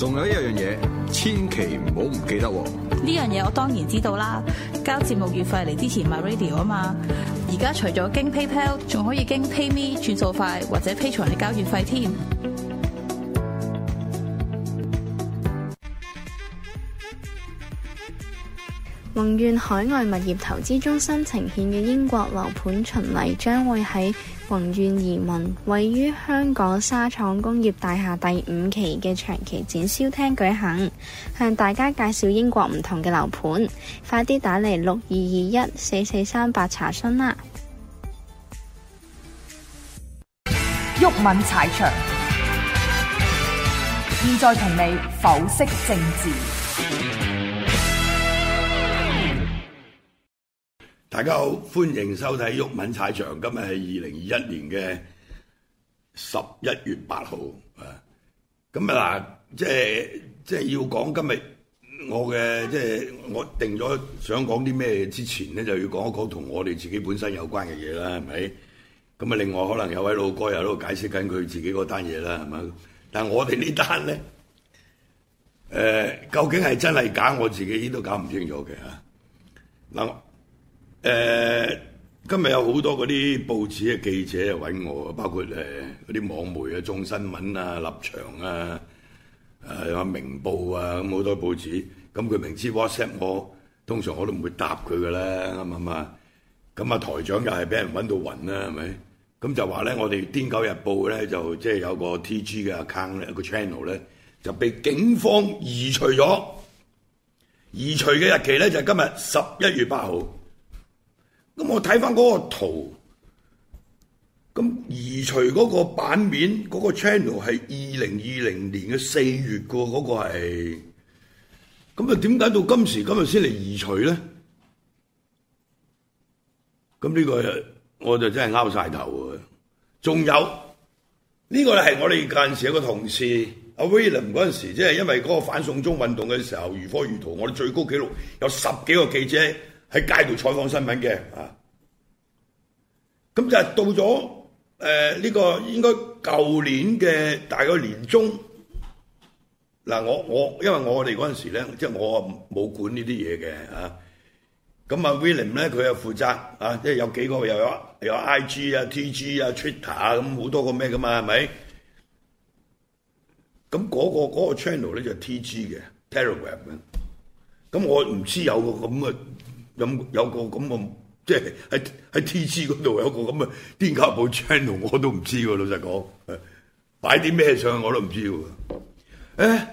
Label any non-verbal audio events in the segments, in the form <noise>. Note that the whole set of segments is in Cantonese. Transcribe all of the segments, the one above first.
仲有一樣嘢，千祈唔好唔記得喎！呢樣嘢我當然知道啦，交節目月費嚟支持 MyRadio 啊嘛！而家除咗經 PayPal，仲可以經 PayMe 轉數快，或者 Patreon 嚟交月費添。宏遠海外物業投資中心呈獻嘅英國樓盤巡禮將會喺。宏願移民位於香港沙廠工業大廈第五期嘅長期展銷廳舉行，向大家介紹英國唔同嘅樓盤，快啲打嚟六二二一四四三八查詢啦！毓民踩場，現在同你剖析政治。大家好，歡迎收睇毓民踩場。今日係二零二一年嘅十一月八號啊。咁啊嗱，即係即係要講今日我嘅即係我定咗想講啲咩之前咧，就要講一講同我哋自己本身有關嘅嘢啦，係咪？咁啊，另外可能有位老哥又喺度解釋緊佢自己嗰單嘢啦，係咪？但係我哋呢單咧，誒，究竟係真係假，我自己都搞唔清楚嘅吓。嗱。誒、uh, 今日有好多嗰啲報紙嘅記者又揾我，包括嗰啲網媒啊、眾新聞啊、立場啊，誒、啊、有明報啊，咁好多報紙。咁佢明知 WhatsApp 我，通常我都唔會答佢噶啦，啱唔啱啊？咁啊台長又係俾人揾到暈啦，係咪？咁就話咧，我哋《癲狗日報》咧就即係、就是、有個 T G 嘅 account 一個 channel 咧，就被警方移除咗。移除嘅日期咧就是、今日十一月八號。咁我睇翻嗰個圖，咁移除嗰個版面嗰、嗰個 channel 係二零二零年嘅四月嘅喎，嗰、嗰個係，咁啊點解到今時今日先嚟移除呢？咁呢、呢個我就真係拗晒頭啊！仲有呢個咧係我哋嗰陣時一個同事阿 William 嗰陣時，即係因為嗰個反送中運動嘅時候如火如荼，我哋最高紀錄有十幾個記者。喺街度採訪新聞嘅啊，咁就到咗誒呢個應該舊年嘅大概年中，嗱我我因為我哋嗰陣時咧，即係我冇管呢啲嘢嘅啊，咁啊 William 咧，佢又負責啊，即係有幾個又有有 IG 啊、TG 啊、Twitter 啊咁好多個咩嘅嘛係咪？咁嗰個嗰個 channel 咧就係 TG 嘅 Telegram，咁我唔知有個咁嘅。咁有個咁嘅，即係喺喺 TG 嗰度有個咁嘅癲狗部 channel，我都唔知喎。老實講，擺啲咩上我都唔知喎、欸。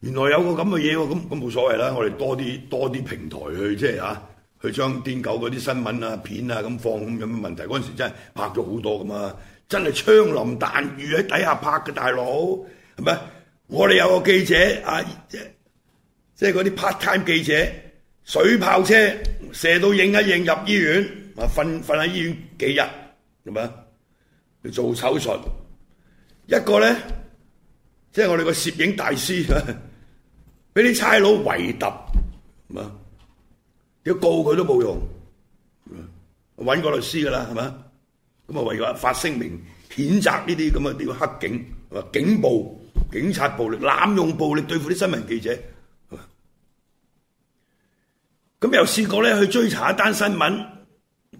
原來有個咁嘅嘢喎，咁咁冇所謂啦。我哋多啲多啲平台去，即係嚇、啊、去將癲狗嗰啲新聞啊片啊咁放。咁問題嗰陣時真係拍咗好多㗎嘛，真係槍林彈雨喺底下拍嘅大佬，係咪？我哋有個記者啊，即、就、係、是、即係嗰啲 part time 記者。水炮車射到影一影入醫院，啊瞓瞓喺醫院幾日，係咪啊？嚟做手術，一個咧，即係我哋個攝影大師，俾啲差佬圍揼，係咪啊？要告佢都冇用，揾個律師㗎啦，係咪啊？咁啊，唯有發聲明譴責呢啲咁嘅啲黑警，話警暴、警察暴力濫用暴力對付啲新聞記者。咁又試過咧去追查一單新聞，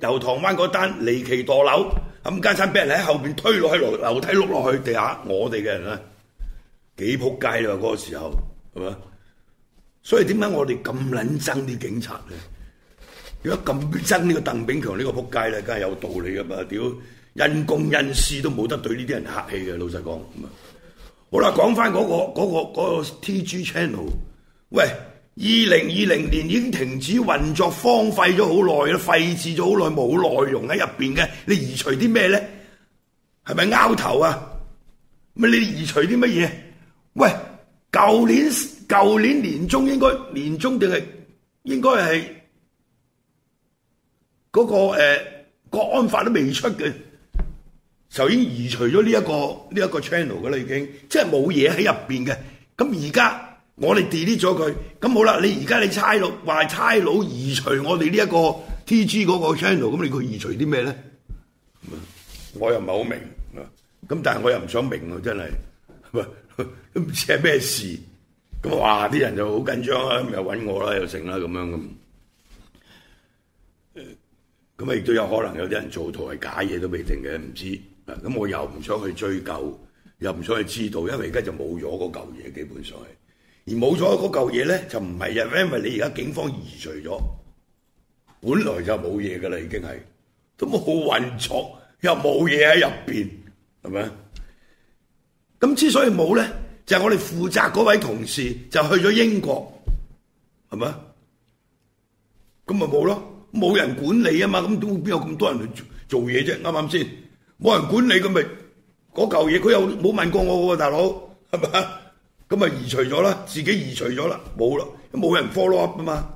油塘灣嗰單離奇墮樓，咁加上俾人喺後邊推落去樓梯碌落去地下，我哋嘅人咧幾撲街啦！嗰、嗰個時候係嘛？所以點解我哋咁撚憎啲警察嘅？如果咁憎呢個鄧炳強呢個撲街咧，梗係有道理噶嘛？屌，因公因私都冇得對呢啲人客氣嘅，老實講。好啦，講翻嗰個嗰嗰、嗰個、嗰個、TG Channel，喂。二零二零年已經停止運作，荒廢了很久了，荒廢咗好耐啦，廢置咗好耐，冇內容喺入邊嘅，你移除啲咩咧？係咪拗頭啊？乜你移除啲乜嘢？喂，舊年舊年年中應該年中定係應該係嗰個誒、呃、國安法都未出嘅，就已經移除咗呢一個呢一個 channel 噶啦，已經即係冇嘢喺入邊嘅。咁而家。我哋 delete 咗佢，咁好啦。你而家你差佬話差佬移除我哋呢一個 TG 嗰個 channel，咁你佢移除啲咩咧？我又唔係好明啊。咁但係我又唔想明喎，真係，唔知係咩事。咁啊話啲人就好緊張，咁又搵我啦，又剩啦咁樣咁。咁啊亦都有可能有啲人做圖係假嘢都未定嘅，唔知啊。咁我又唔想去追究，又唔想去知道，因為而家就冇咗嗰嚿嘢，基本上係。而冇咗嗰嚿嘢咧，就唔係啊，因為你而家警方移除咗，本來就冇嘢噶啦，已經係都冇運作，又冇嘢喺入邊，係咪？咁之所以冇咧，就係我哋負責嗰位同事就去咗英國，係咪？咁咪冇咯，冇人管理啊嘛，咁都邊有咁多人去做嘢啫？啱唔啱先？冇人管理咁咪嗰嚿嘢，佢又冇問過我喎，大佬係咪？咁咪移除咗啦，自己移除咗啦，冇啦，都冇人 follow up 啊嘛，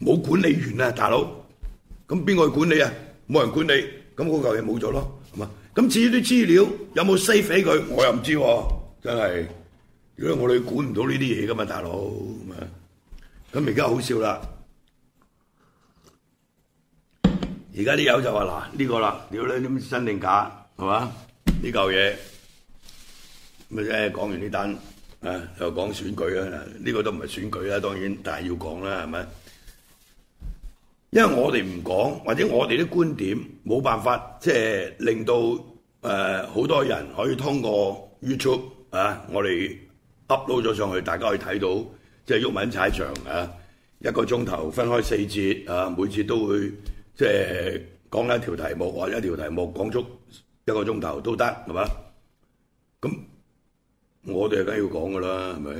冇管理員啊，大佬，咁邊個去管理啊？冇人管理，咁嗰嚿嘢冇咗咯，係嘛？咁至於啲資料有冇 save 俾佢，我又唔知喎，真係，如果我哋管唔到呢啲嘢噶嘛，大佬，咁啊，咁而家好笑啦，而家啲友就話嗱呢個啦，屌你，你乜真定假，係嘛？呢嚿嘢。咁誒講完呢單啊，又講選舉啦。呢個都唔係選舉啦，當然，但係要講啦，係咪？因為我哋唔講，或者我哋啲觀點冇辦法，即係令到誒好多人可以通過 YouTube 啊，我哋 upload 咗上去，大家可以睇到，即係毓民踩場啊，一個鐘頭分開四節啊，每次都會即係講一條題目或者一條題目講足一個鐘頭都得，係嘛？咁。我哋梗要講噶啦，係咪？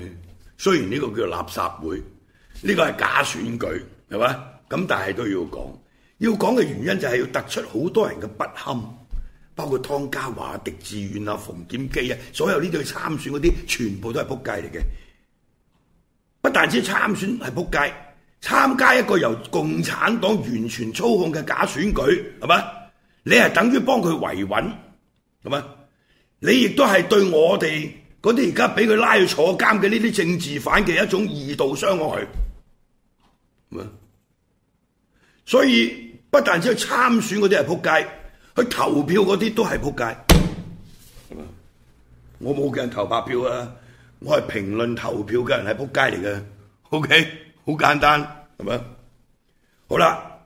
雖然呢個叫做垃圾會，呢個係假選舉係嘛？咁但係都要講，要講嘅原因就係要突出好多人嘅不堪，包括湯家驊、狄志遠啊、馮檢基啊，所有呢對參選嗰啲全部都係仆街嚟嘅。不但止參選係仆街，參加一個由共產黨完全操控嘅假選舉係嘛？你係等於幫佢維穩係嘛？你亦都係對我哋。嗰啲而家俾佢拉去坐監嘅呢啲政治犯嘅一種二度傷害，係所以不但只有參選嗰啲係撲街，佢投票嗰啲都係撲街。我冇叫人投白票啊！我係評論投票嘅人係撲街嚟嘅。OK，好簡單係咪？好啦，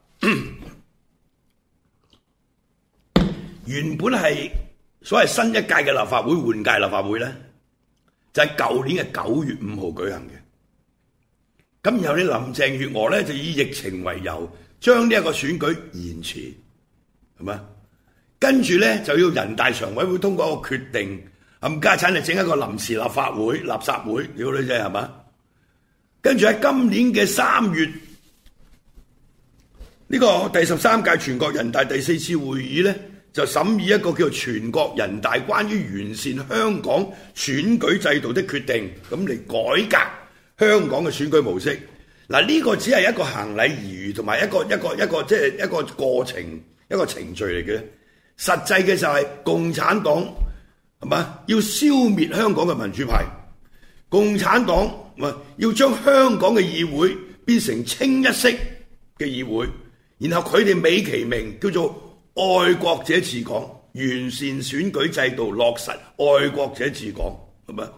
原本係所謂新一屆嘅立法會換屆立法會咧。就係、是、舊年的九月五號舉行的，咁然後林鄭月娥咧就以疫情為由，將呢一個選舉延遲，係咪？跟住呢就要人大常委會通過一個決定，冚家鏟嚟整一個臨時立法會、垃圾會，屌你只係嘛？跟住喺今年的三月，呢、這個第十三屆全國人大第四次會議呢就審議一個叫做全國人大關於完善香港選舉制度的決定，咁嚟改革香港嘅選舉模式。嗱，呢個只係一個行禮如儀同埋一個一個一個即係一個過程，一個程序嚟嘅。實際嘅就係共產黨係嘛，要消滅香港嘅民主派。共產黨唔係要將香港嘅議會變成清一色嘅議會，然後佢哋美其名叫做，愛國者治港，完善選舉制度，落實愛國者治港，係咪？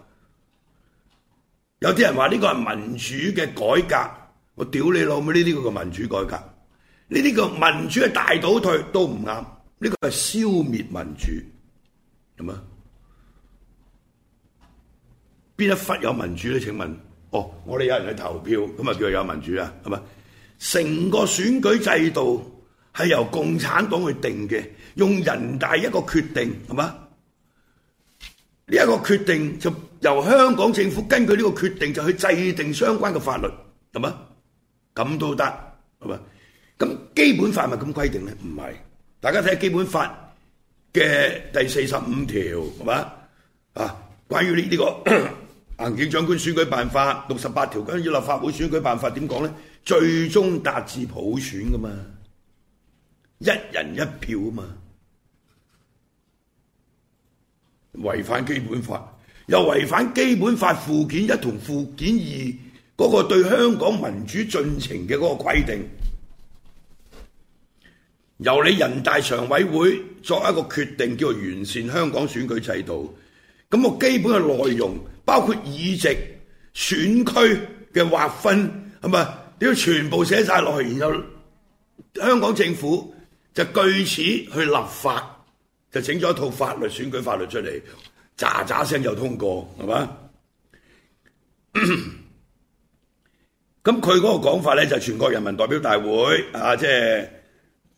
有啲人話呢個係民主嘅改革，我屌你老母！呢啲叫做民主改革，呢、這、啲叫民主嘅大倒退都不，都唔啱。呢個係消滅民主，係咪？邊一忽有民主咧？請問，哦，我哋有人去投票，咁啊叫做有民主啊？係咪？成個選舉制度？係由共產黨去定嘅，用人大一個決定係嘛？呢一個決定就由香港政府根據呢個決定就去制定相關嘅法律，係嘛？咁都得係嘛？咁基本法係咪咁規定咧？唔係，大家睇下基本法嘅第四十五條係嘛？啊，關於呢個行政長官選舉辦法六十八條，關於立法會選舉辦法點講咧？最終達至普選噶嘛。一人一票嘛，違反基本法，又違反基本法附件一同附件二嗰個對香港民主進程嘅嗰個規定，由你人大常委會作一個決定，叫做完善香港選舉制度。咁個基本嘅內容包括議席、選區嘅劃分，係是咪是？你要全部寫晒落去，然後香港政府。就據此去立法，就整咗一套法律選舉法律出嚟，喳喳聲就通過，係嘛？咁佢嗰個講法咧，就係、全國人民代表大會啊，即係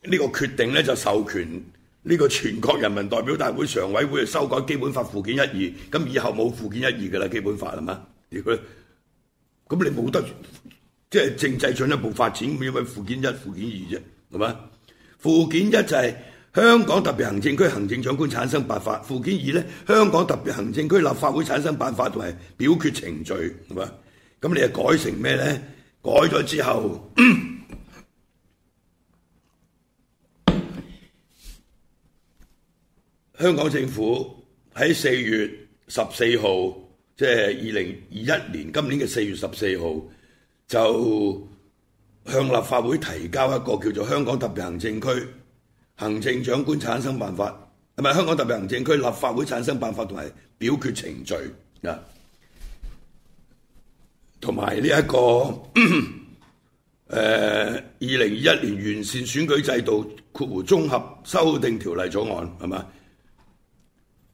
呢個決定咧，就授權呢、呢個全國人民代表大會常委會去修改基本法附件一、二，咁以後冇附件一、二㗎啦，基本法係嘛？咁你冇得即係、就係、政制進一步發展，點解附件一、附件二啫？係嘛？附件一就係香港特別行政區行政長官產生辦法，附件二呢，香港特別行政區立法會產生辦法同埋表決程序，係嘛？咁你又改成咩呢？改咗之後、嗯，香港政府喺四月十四號，即係二零二一年今年嘅四月十四號就向立法會提交一個叫做《香港特別行政區行政長官產生辦法》，係咪《香港特別行政區立法會產生辦法》同埋表決程序啊？同埋呢一個誒二零二一年完善選舉制度括弧綜合修訂條例草案，係嘛？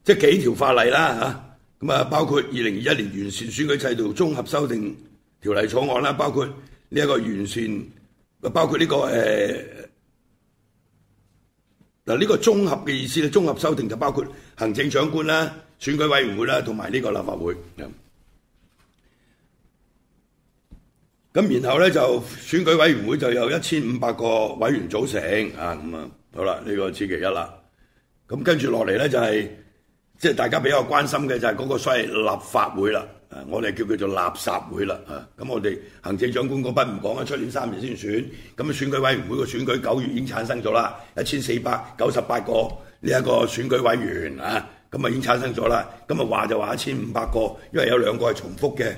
即係幾條法例啦嚇，咁啊包括二零二一年完善選舉制度綜合修訂條例草案啦，包括。呢一個完善，包括呢個誒，嗱呢個綜合嘅意思咧，綜合修訂就包括行政長官啦、選舉委員會啦，同埋呢個立法會。咁然後咧就選舉委員會就有一千五百個委員組成，啊咁啊，好啦，呢個此其一啦。咁跟住落嚟咧就係，即係大家比較關心嘅就係嗰個所謂立法會啦。我哋叫佢做垃圾會啦嚇，咁我哋行政長官嗰筆唔講啦，出年三月先選，咁啊選舉委員會嘅選舉九月已經產生咗啦，一千四百九十八個呢一個選舉委員啊，咁啊已經產生咗啦，咁啊話就話一千五百個，因為有兩個係重複嘅。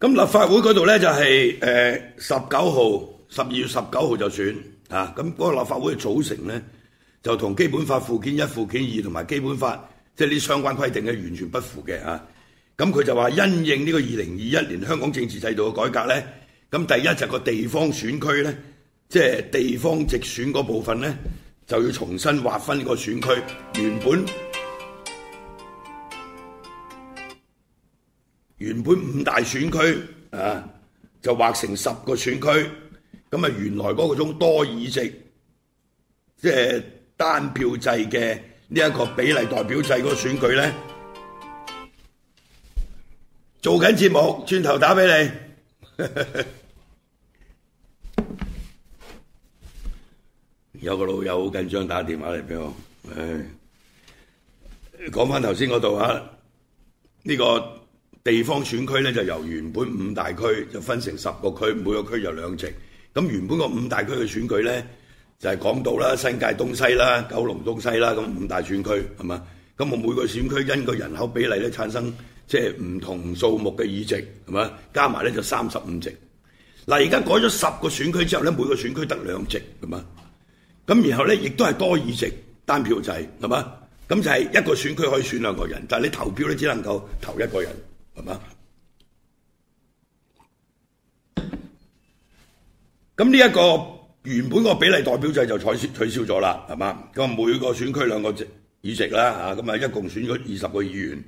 咁立法會嗰度呢，就係誒十九號十二月十九號就選嚇，咁嗰個立法會嘅組成呢。就同基本法附件一、附件二同埋基本法即係呢相關規定，係完全不符嘅吓。咁佢就話因應呢個二零二一年香港政治制度嘅改革咧，咁第一就個地方選區咧，即係地方直選嗰部分咧，就要重新劃分呢個選區，原本原本五大選區啊，就劃成十個選區，咁啊，原來嗰個種多議席，即係。單票制嘅呢一個比例代表制個選舉咧，做緊節目，轉頭打俾你。 <laughs> 有個老友好緊張打電話嚟俾我，唉，講翻頭先嗰度啊，呢、呢個地方選區咧，就由原本五大區就分成十個區，每個區就兩席。咁原本個五大區嘅選舉咧。就係講到啦，新界東西啦，九龍東西啦，咁五大選區係嘛，咁我每個選區因個人口比例咧產生，即係唔同數目嘅議席係嘛，加埋咧就三十五席。嗱，而家改咗十個選區之後咧，每個選區得兩席，係嘛，咁然後咧亦都係多議席單票制係嘛，咁就係一個選區可以選兩個人，但係你投票咧只能夠投一個人係嘛，咁呢一個。原本個比例代表制就取消咗啦，係嘛？咁每個選區兩個席，議席啦，吓咁啊，一共選咗二十個議員。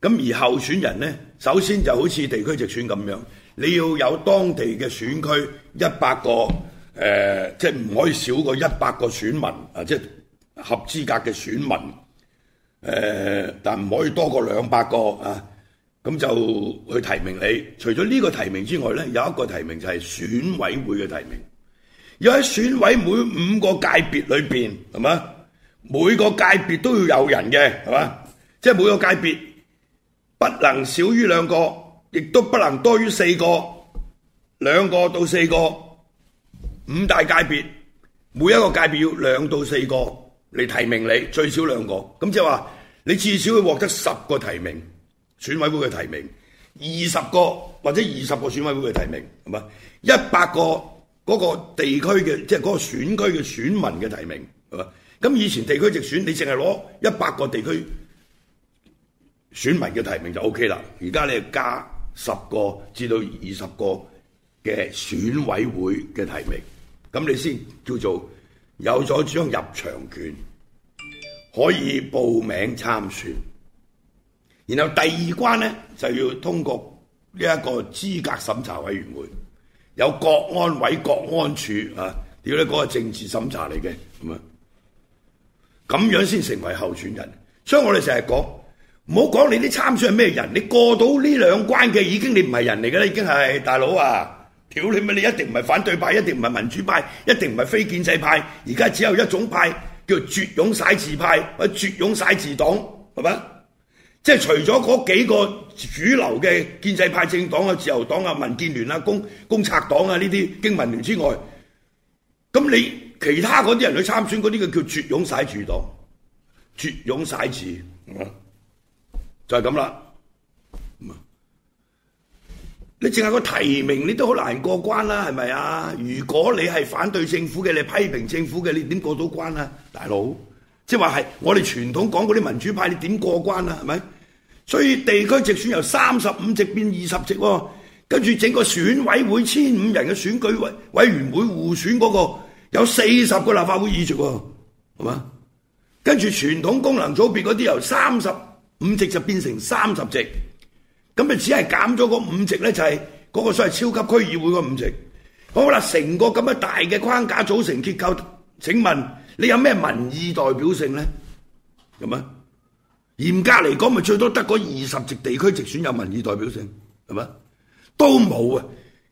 咁而候選人呢，首先就好似地區直選咁樣，你要有當地嘅選區一百個，誒，呃，即係唔可以少過一百個選民，啊，呃，即係合資格嘅選民。誒，呃，但唔可以多過兩百個啊。咁就去提名你。除咗呢個提名之外呢，有一個提名就係選委會嘅提名。要喺選委每五個界別裏面，係嘛？每個界別都要有人嘅，係嘛？即係每個界別不能少於兩個，亦都不能多於四個，兩個到四個，五大界別每一個界別要兩到四個嚟提名你，最少兩個。咁即係話你至少會獲得十個提名，選委會嘅提名二十個或者二十個選委會嘅提名，係嘛？一百個。嗰個地區嘅，即係嗰個選區嘅選民嘅提名，係嘛？咁以前地區直選，你淨係攞一百個地區選民嘅提名就 O K 啦。而家你加十個至到二十個嘅選委會嘅提名，咁你先叫做有咗張入場券，可以報名參選。然後第二關咧，就要通過呢一個資格審查委員會。有國安委、國安處啊，屌你嗰個政治審查嚟嘅，咁樣咁樣先成為候選人。所以我哋成日講，唔好講你啲參選係咩人，你過到呢兩關嘅已經你唔係人嚟噶啦，已經係大佬啊，屌你咩，你一定唔係反對派，一定唔係民主派，一定唔係非建制派，而家只有一種派叫絕勇曬字派或者絕勇曬字黨，係咪？即係除咗嗰幾個主流嘅建制派政黨啊、自由黨啊、民建聯啊、公公察黨啊呢啲經民聯之外，咁你其他嗰啲人去參選嗰啲叫叫絕擁晒柱黨、絕擁曬柱，就係咁啦。你淨係個提名你都好難過關啦，係咪啊？如果你係反對政府嘅，你批評政府嘅，你點過到關啊，大佬？即係話係我哋傳統講嗰啲民主派，你點過關啊？係咪？所以地區直選由三十五席變二十席，啊，跟住整個選委會千五人嘅選舉委委員會互選嗰，那個有四十個立法會議席，啊，係嘛？跟住傳統功能組別嗰啲由三十五席就變成三十席，咁咪只係減咗個五席咧？就係、是、嗰個所謂超級區議會個五席。好啦，成個咁嘅大嘅框架組成結構，請問你有咩民意代表性咧？咁啊？嚴格嚟講，咪最多得嗰二十席地區直選有民意代表性，係咪？都冇啊！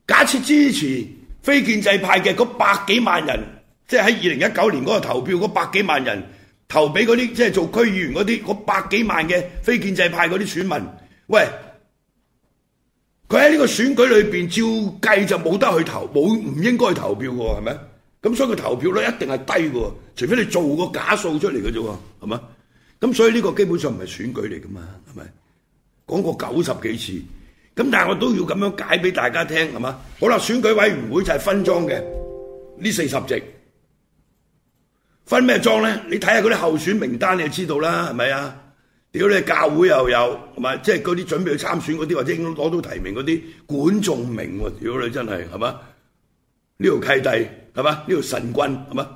假設支持非建制派嘅嗰百幾萬人，即係喺二零一九年嗰個投票，嗰百幾萬人投俾嗰啲，即係做區議員嗰啲，嗰百幾萬嘅非建制派嗰啲選民，喂，佢喺呢個選舉裏面照計就冇得去投，冇唔應該去投票嘅喎，係咪？咁所以佢投票率一定係低嘅喎，除非你做個假數出嚟嘅啫喎，係咪？咁所以呢個基本上唔係選舉嚟噶嘛，係咪講過九十幾次？咁但係我都要咁樣解俾大家聽，係嘛？好啦，選舉委員會就係分贓嘅呢四十席，分咩贓咧？你睇下嗰啲候選名單，你就知道啦，係咪啊？屌你教會又有，係咪？即係嗰啲準備去參選嗰啲，或者應該攞到提名嗰啲，管浩鳴喎，屌你真係係嘛？呢條契弟係嘛？呢條、這個、神棍係嘛？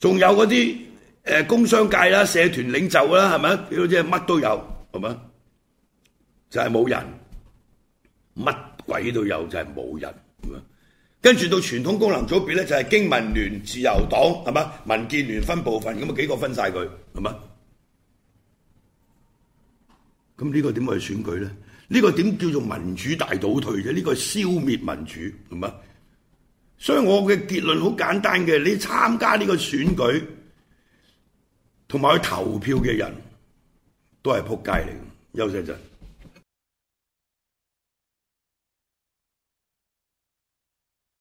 仲有嗰啲。誒，工商界啦，社團領袖啦，係咪？你好似乜都有，係咪？就係、是、冇人，乜鬼都有，就係、是、冇人。跟住到傳統功能組別咧，就係、是、經民聯、自由黨，係嘛？民建聯分部分，咁啊幾個分晒佢，係咪？咁呢個點去選舉咧？呢、這個點叫做民主大倒退啫？呢、這個消滅民主，係嘛？所以我嘅結論好簡單嘅，你參加呢個選舉。同埋去投票嘅人都係仆街嚟，休息一陣。